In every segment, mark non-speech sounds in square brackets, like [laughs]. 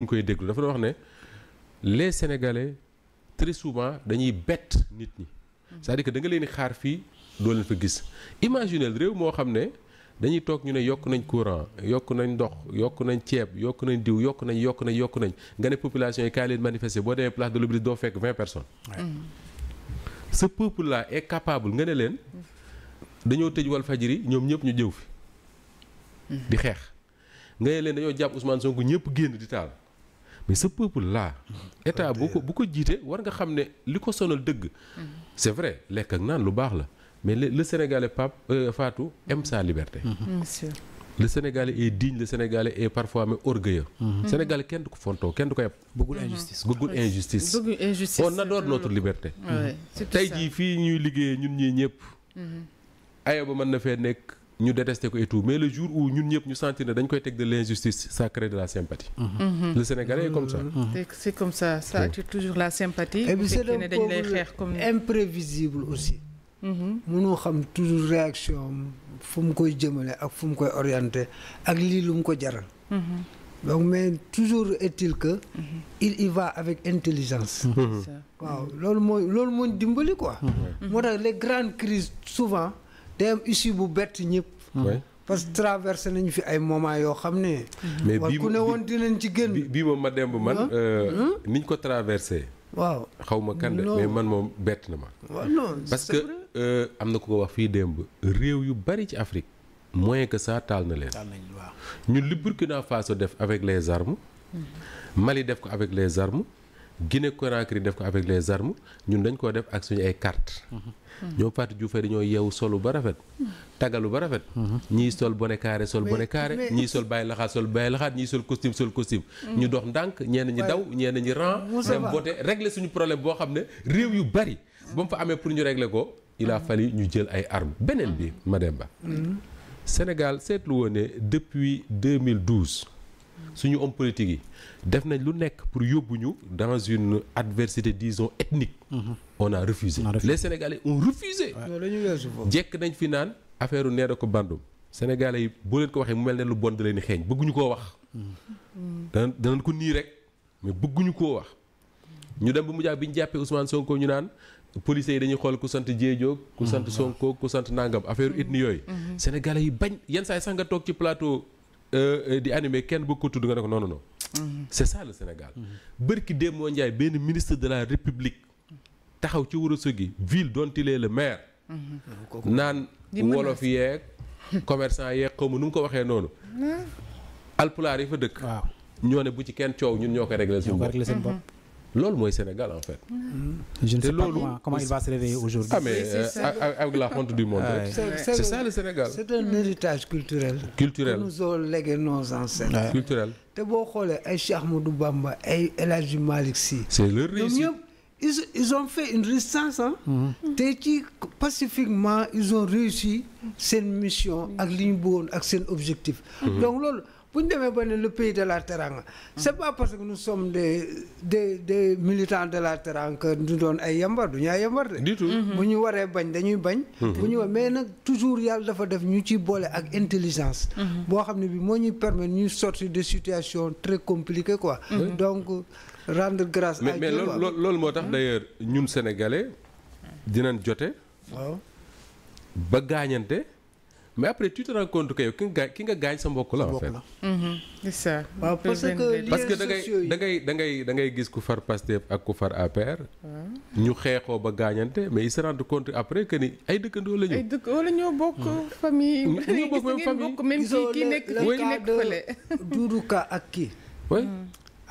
ñu koy déglu dafa doon wax ne les sénégalais très souvent dañuy bett nit ñi cest à que da leen di xaar fii doo leen fa gis imaginel réew moo xam ne dañuy toog ñu ne yokk nañ courant yokk nañ ndox yokk nañ ceeb yokk nañ diw yokk nañ yokk nañ yokk nañ nga ne population yi kaay leen manifester boo demee place de l'Obélisque doo fekk vingt personnes mm-hmm. ce peuple là capable nga ne leen dañoo tëj Walfadjri ñoom ñëpp ñu jëw fi mm-hmm. di xeex nga ne leen dañoo jàpp Ousmane Sonko ñëpp génn di taal mais ce peuple là mm-hmm. état bu ko bu ko jiite war nga xam ne li ko sonal dëgg mm-hmm. c'est vrai lekk ak naan lu baax la mais la Sénégalais Pape euh, Fatou aime sa liberté mm-hmm. bien sûr le Sénégalais est digne le Sénégalais est parfois même orgueilleux kenn du ko fontoo kenn du ko yeb bëggul injustice bëggul injustice on adore notre liberté tey jii fii ñuy liggéeyee ñun ñii ñëpp ayo ba mën na fee nekk ñu détesté ko et tout mais le jour où ñun ñëpp ñu sentir ne dañ koy teg de l'injustice ça crée de la sympathie. Mm-hmm. Mm-hmm. le Sénégalais est comme ça. Mm-hmm. c'est comme ça ça attire toujours la imprévisible aussi. mënoo xam toujours réaction fu mu koy jëmale ak fu mu koy orienté ak lii lu mu ko jaral. donc mais toujours est que. il y va avec intelligence. waaw loolu mooy loolu mooy dimbali quoi. moo tax les grandes crises souvent day am issue bu bett ñëpp. parce que traversé nañu fi ay moment yoo xam ne. mais bii ku ne woon dinañ ci génn. bii moom ma demb man. Euh, niñ ko traversé. xaw ma kan de mais man moom bett na ma. waaw parce que euh, am na ku ko wax fii démb réew yu bari ci Afrique moyen que ça taal na leen. ñun li Burkina Faso def avec les armes. Mm-hmm. Mali def ko avec les armes. Guinée Conakry def ko avec les armes ñun dañ koo def ak suñu ay ñoo mm-hmm. ñoom Fatou Diouf dañoo yeewu solu ba rafet mm-hmm. tagalu ba rafet mm-hmm. ñii sol bonnet carré sol bonnet carré ñii sol bàyyi laxaat sol bàyyi laxaat ñii sol costume sol costume ñu dox ndànk ñenn ñi daw ñenn ñi rang dem voté régler suñu problème boo xam ne réew yu bari ba mu fa amee pour ñu régler ko il a ñu jël ay armes beneen bi ma ba Sénégal seetlu woon ne depuis 2012 suñu homme politique yi def nañ lu nekk pour yóbbu ñu dans une adversité disons ethnique. Mm-hmm. on a refusé. les sénégalais ont refusé. jekk nañ fi naan affaire nee da ko bandum sénégalais yi boo leen ko waxee mu mel ne lu bon da leen xeeñ bëgguñu koo wax. Mm-hmm. danañ danañ ko nii rek mais bëgguñu koo wax. ñu dem bu mu bi ñu jàppee Ousmane Sonko ñu naan policiers yi dañuy xool ku sant Diedhiou. ku sant mm-hmm. Sonko ku sant nàngam affaire ethnie yooyu. sénégalais yi bañ yenn saa yi ci plateau. Euh, euh, di animé kenn bëgg ko tudd nga ne ko non non non. Mhm. c' est Sénégal. Mhm. bërki Demba Ndiaye benn ministre de la République taxaw ci Ourossogui ville dont il est le maire. Mhm. naan wolof yeeg commerçant yee xaw ma nu mu ko waxee noonu. alpulaar yi fa dëkk. ñoo ne bu ci kenn coow ñun ñoo koy réglé seen bopp. loolu mooy Sénégal en fait. Mm-hmm. je ne sais pas comment, comment il va se réveiller aujourd'hui. ah mais euh, avec la honte du monde c'est Sénégal. c'est un héritage culturel. culturel que nous ont légué nos ancêtres. culturel. te boo xoolee ay Cheikh Ahmadou Bamba ay El Hadj Malick Sy. c'est leur réussite ñoom ils ils ont mm-hmm. te ci pacifiquement ils ont réussi seen mission ak li ñu bëggoon ak seen objectif. Mm-hmm. donc loolu. bu ñu demee ba ne le pays de la teranga c' pas parce que nu sommes des des de militants de la teranga que ñu doon ay yambar du ñu ay yambar de. du mhm. bu ñu waree bañ dañuy bañ. Mhm. bu ñu war mais nag toujours yàlla dafa def ñu ci boole ak intelligence. Mhm. boo xam ne bi moo ñuy permettre ñu sorti de situation très compliquée quoi. donc rend grace à mais loolu loolu moo tax d' ailleurs ñun sénégalais dinañ jote. waaw ba gaañante. mais après tu te rends ki nga gaañ ki sa mbokk la en fait. Mhm. parce que parce que da ngay da ngay da ngay da ngay gis ku far Pastef ak ku far APR. Ah. ñu xeexoo ba gaañante mais ils se rendent après que ni ay dëkkandoo la ñu. ay dëkkandoo la ñoo bokk hmm. famille. ñu bokk même famille même kii kii nekk kii nekk fële. Doudou ak kii. oui. Hmm.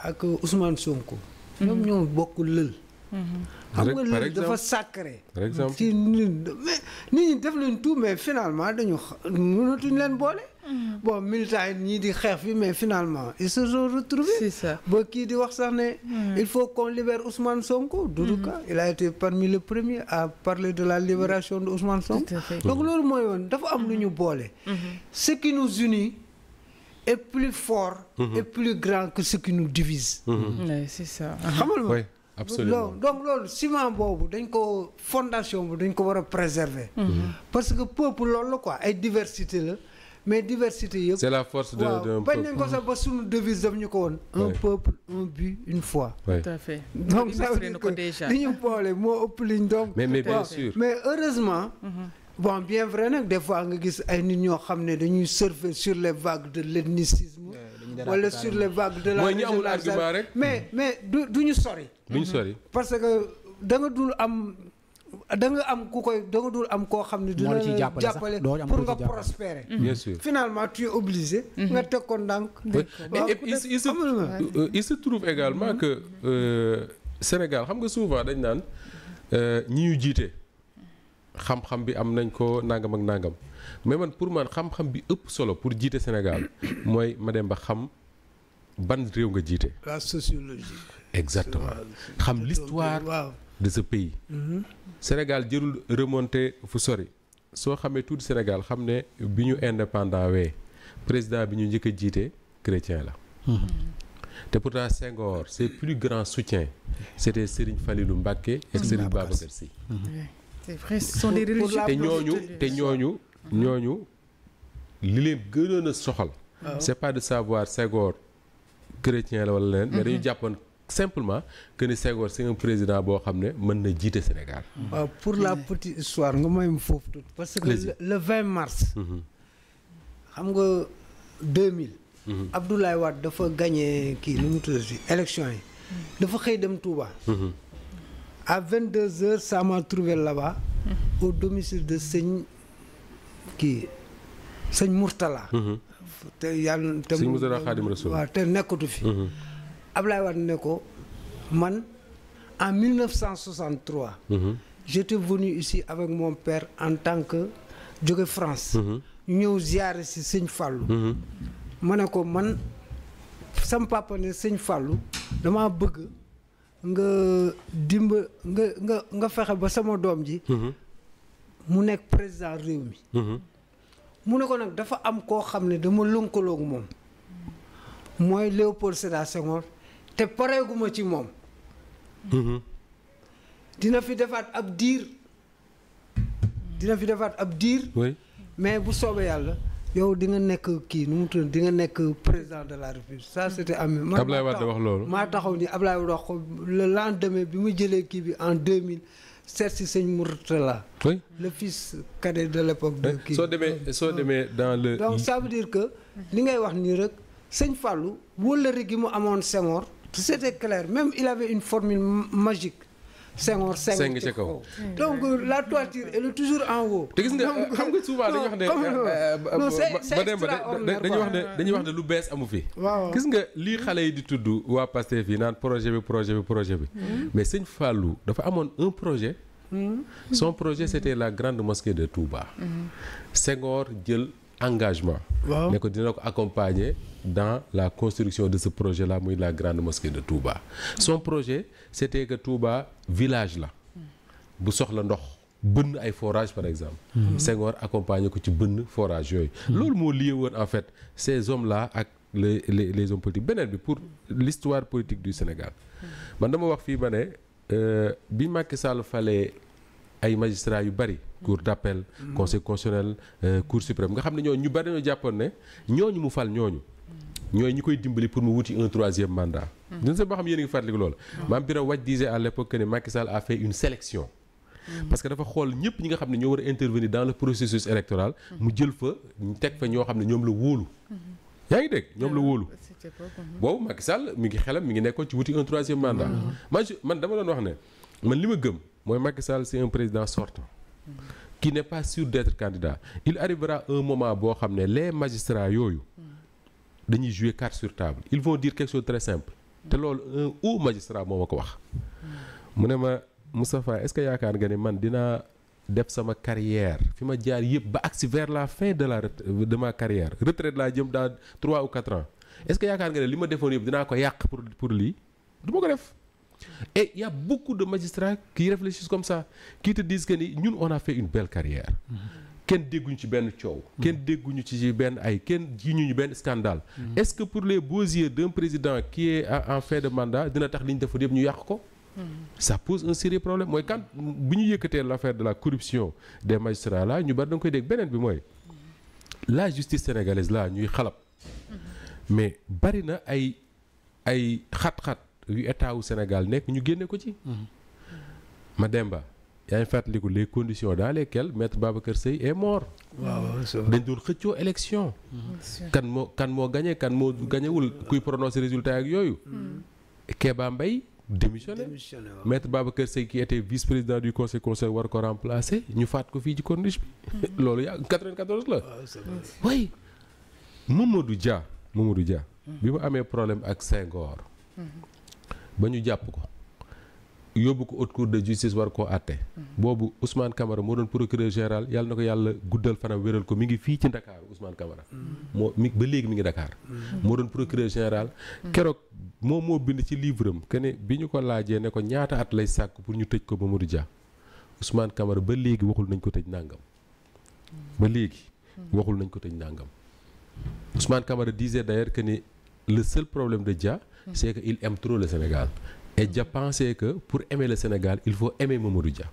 ak Ousmane Sonko. Hmm. ñoom ñoo bokk lël. xam nga léegi dafa sacré. par exemple ci nit ñi def leen tout mais finalement dañu mënatuñ leen boole. Mm-hmm. bon militants yi di xeex fi mais finalement ils se sont retrouvés. c'est kii di wax sax ne. Mm-hmm. il faut qu'on libère Ousmane Sonko. Doudou Ka mm-hmm. il a été parmi les premiers à parler de la libération de Ousmane Sonko. donc loolu mooy woon dafa am lu ñu boole. ce qui nous unit. plus fort. et plus grand que ce qui divise. Mm c'est ça. xamal ma absolument donc loolu ciment boobu dañ ko fondation bu dañ ko war a préserver. Mhm. parce que peuple loolu la quoi ay diversité la mais diversité yëpp. c'est la force de ba sunu devise daf ñu ko woon. un peuple un but une foi. tout à fait donc ça li ñu boole moo ëpp liñ donc. mais mais bien sûr mais heureusement. Mhm. bon bien vrai nag des fois nga gis ay nit ñoo xam ne dañuy surfer sur les vagues de l'ethnicisme wala sur le vagues de la mooy la amul argument rek mais mais du duñu sori. du ñu sori. parce que danga dul am da nga am ku koy da dul am koo xam ne. dina la jàppale pour nga prospérer. Mm-hmm. bien sûr finalement tu es obligé. Mm-hmm. nga teg ko ndànk. waaw euh, il se trouve également mm-hmm. que euh, Sénégal xam nga souvent dañ naan euh, ñi ñu jiite. xam-xam bi am nañ ko nangam ak nangam mais man pour man xam-xam bi ëpp solo pour jiite Sénégal [coughs] mooy ma ba xam ban réew nga jiite. la sociologie. exactement xam l'histoire de ce pays. Mm-hmm. Sénégal jërul remonter fu sori. soo xamee tuuti Sénégal xam ne bi ñu indépendant wee président bi ñu njëkk a jiite chrétien la. Mm-hmm. te pourtant Senghor ses plus grands soutiens c'était Serigne Falilou Mbacké. ak mm-hmm. Serigne Babacar Sy. c'est vrai ce sont des te ñooñu te ñooñu ñooñu li leen gënoon a soxal. Ah c'est pas de savoir Senghor chrétien la wala leneen. ñu dañu mm-hmm. jàppoon simplement que ni Senghor c'est un président boo xam ne mën na jiite Sénégal. waaw mm-hmm. ah, pour la mm-hmm. petite histoire nga may foofu tuuti. parce que le 20 mars. xam nga 2000. Abdoulaye Wade dafa gagné kii nu mu tudd élection yi. dafa xëy dem Touba. à 22 heures ça m'a trouvé là-bas mhm. au domicile de sëñ kii sëñ Mourtala. Mhm. te yàlla te te nekkatu fi. Mhm. Ablaye Wade ne ko man en 1963. j'étais venu ici avec mon père en tant que jóge France. ñëw ziare si sëñ Fallou. ma ne ko man sam papa ne sëñ Fallou damaa bëgg. nga dimb nga nga nga fexe ba sama doom ji. Mhm. mu nekk président réew mi. Mhm. mu ne ko nag dafa am koo xam ne dama lëkkaloog moom. mooy Léopold Sédar Senghor te pareeguma ci moom. Mhm. dina fi defaat ab diir. dina fi defaat ab diir. mais bu soobee yàlla. yow di nga nekk kii nu mu tudd di nga nekk président de la république ça c' était amee. man Ablaye wax loolu maa taxaw ni Ablaye Wade wax ko le lendemain bi mu jëlee kii bi en 2000 seet si sëñ Mourtala. oui le fils cadet de l' époque de eh, kii soo demee soo demee dans le. donc ça veut dire que li ngay wax nii rek sëñ Fallou wëllëri gi mu amoon Senghor. c' était clair même il avait une formule magique. Senghor seng ca kaw donc la toiture elle est te gis nga euh, xam nga souvent dañuy wax ne. Euh, euh, [laughs] ba dem ba dañuy wax ne dañuy wax ne lu bees amu fi. waaw gis nga lii xale yi di tudd waa Pastef yi naan projet bi projet bi projet bi. Hmm. mais sëñ Fallou dafa amoon un projet. Hmm. son projet c'était la grande mosquée de Touba. Hmm. Senghor jël. engagement. waaw ne ko dina ko accompagner dans la construction de ce projet là muy la grande mosquée de Touba. son projet c' était que Touba village la. bu soxla ndox bënn ay forage par exemple. Mhm. Senghor accompagner ko ci bënn forage yooyu. loolu moo lié woon en fait ces hommes là ak les les les hommes beneen bi pour l'histoire politique du Sénégal. Mhm. man dama wax fii ba ne euh, bi Macky Sall falee ay magistrats yu bari. cour d'appel. Mm. conseil constitutionnel euh, cour suprême nga xam ne ñoo ñu bari dañoo jàppoon ne ñooñu mu fal ñooñu. ñooy ñi koy dimbali pour mu wuti un troisième mandat. dina se boo xam yéen a ngi fàttaliku loolu. Mm. maam Bira Waj disait à l'époque que ne mm. xool ñëpp ñi nga xam ne ñoo war a interveni dans le processus électoral. mu jël fa teg fa ñoo xam ne ñoom la wóolu. Mm-hmm. yaa ngi dégg ñoom la ah, wóolu. boobu Macky Sall mi ngi xelam mi ngi nekkoon ci wuti un troisième mandat. Mm-hmm. man man dama doon wax ne man li ma gëm. mooy Macky Sall un président sortant qui n'est pas sûr d'être candidat il arrivera un moment boo xam ne les magistrats yooyu dañuy jouer carte sur table ils vont dire quelque chose très simple te loolu un haut magistrat moo ma ko wax mu ne ma Moustapha est-ce que yaakaar nga ne man dinaa def sama carrière fi ma jaar yëpp ba agsi vers la fin de la de ma carrière retraite laa jëm dans trois ou quatre ans est-ce que yaakaar nga ne li ma defoon yëpp dinaa ko yàq pour pour lii ko def Et il y a beaucoup de magistrats comme ça, qui te disent que ni ñun on a fait une belle carrière. kenn dégguñu ci benn coow. kenn dégguñu ci benn ay kenn jiñuñu benn scandale. Est-ce que pour les beaux yeux président qui est en fin de mandat dina tax li ñu defoon yëpp ñu yàq ko. ça pose un sérieux problème mooy quand bu ñu yëkkatee l'affaire de la corruption des magistrats là ñu bari da nga koy dégg beneen bi mooy la justice sénégalaise la ñuy xalab mais bari na ay ay yu état wu Sénégal nekk ñu génne ko ci. ma mhm. Mademba yaa ngi fàttaliku les conditions dans lesquelles maître Babacar Seye est mort. waaw dañ doon xëccoo élection. Mhm. kan moo kan moo gagné kan moo gagnewul kuy prononcer résultat ak yooyu. Mhm. Kéba Mbaye démissionné maître Babacar Seye qui était vice-président du conseil conseil war ko remplacer ñu faat ko fii ci corniche [laughs] loolu yaa 94 la. waaw Mamadou Dia Mamadou Dia. bi mu amee problème ak Senghor. ba ñu jàpp ko yóbbu ko haute de justice war koo àtte. Mm-hmm. boobu Ousmane Camara moo doon procureur général yàlla na ko yàlla guddal fanam wéral ko mi ngi fii ci Dakar Ousmane Camara. Mm-hmm. moo mi ba léegi mi ngi Dakar. Mm-hmm. moo doon procureur général. keroog moom moo bind ci livre am que bi ñu ko laajee ne ko ñaata at lay sàkk pour ñu tëj ko ba léegi waxul nañ ko tëj ba léegi. waxul nañ ko tëj nàngam. Ousmane Camara disait d'ailleurs que le seul problème de Dia hmm. c'est que il aime trop le Sénégal et Dia hmm. pensait que pour aimer le Sénégal il faut aimer Mamadou Dia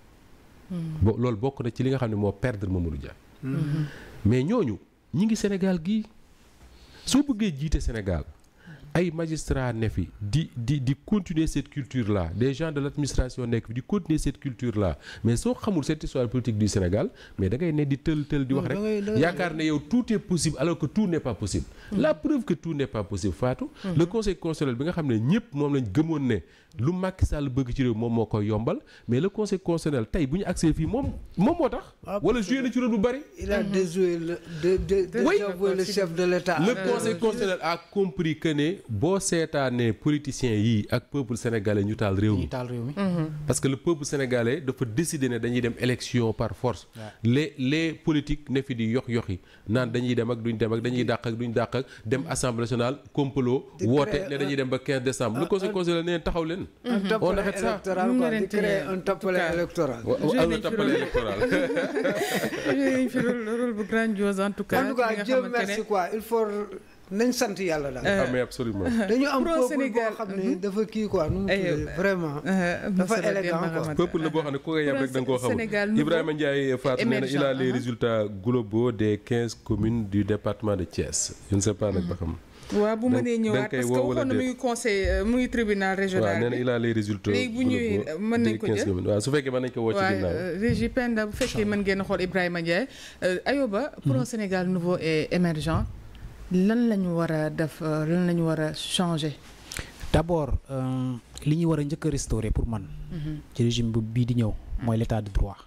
hmm. bo loolu bokk na ci li nga xam ne moo perdre Mamadou ja mais ñooñu ñi ngi Sénégal gii soo bëggee jiite Sénégal ay magistrats ne fi di di di continuer cette culture la des gens de l' administration nekk fi di continuer cette culture là mais soo xamul set histoire politique du Sénégal mais da ngay ne di tël tël di wax rek yaakaar ne yow tout possible alors que tout n' est pas possible hmm. la preuve que tout n' pas possible Fatou hmm. le conseil constitutionnel bi nga xam ne ñëpp moom lañ gëmoon ne lu Macky Sall bëgg ci réew moom moo koy yombal mais le conseil constitutionnel tey bu ñu fii moom moom moo tax ah, wala bu bëri il a hmm. déjoué de l' état le conseil euh, constitutionnel boo seetaanee politiciens yii ak peuple sénégalais ñu taal réew mi. Mhm. parce que le peuple sénégalais dafa décider ne dañuy dem élection par force. les les politiques ne fi di yox yox yi naan dañuy dem ak duñ dem ak dañuy dàq ak duñ dàq ak dem mm. assemblée nationale complot woote ne euh, dañuy dem ba 15 décembre. le conseil conseil la nee taxaw leen. Mm-hmm. on arrête ça un toppale électoral un toppale électoral. [laughs] joué nañ fi rôle bu grandiose en tout cas. en nañ sant yàlla daal. amee ah, absolument. [laughs] dañu am peuple boo xam ne mhm. dafa kii quoi nu mu tuddee euh, euh, boo xam ne ku koy yem rek da nga koo xamul Ibrahima Ndiaye Fatou nee na il a les mhm. résultats globaux quinze communes du département de Thiès. je ne sais pas nag ba xam. Mhm. bu mënee ñëwaat parce que waxoon na mu ngi conseil euh, tribunal régional bi na a les résultats. léegi bu ñuy mën nañ ko jël waaw su fekkee mën nañ ko woo ci ginnaaw. Régie Penda bu fekkee mën ngeen xool Ibrahima Ndiaye. Ayoba. pour Sénégal nouveau et émergent lan la ñu war def lan lañu euh, ñu war a changer. d' abord euh, li ñuy war a njëkk a pour man. Mhm. ci régime bi di ñëw mooy l' de droit.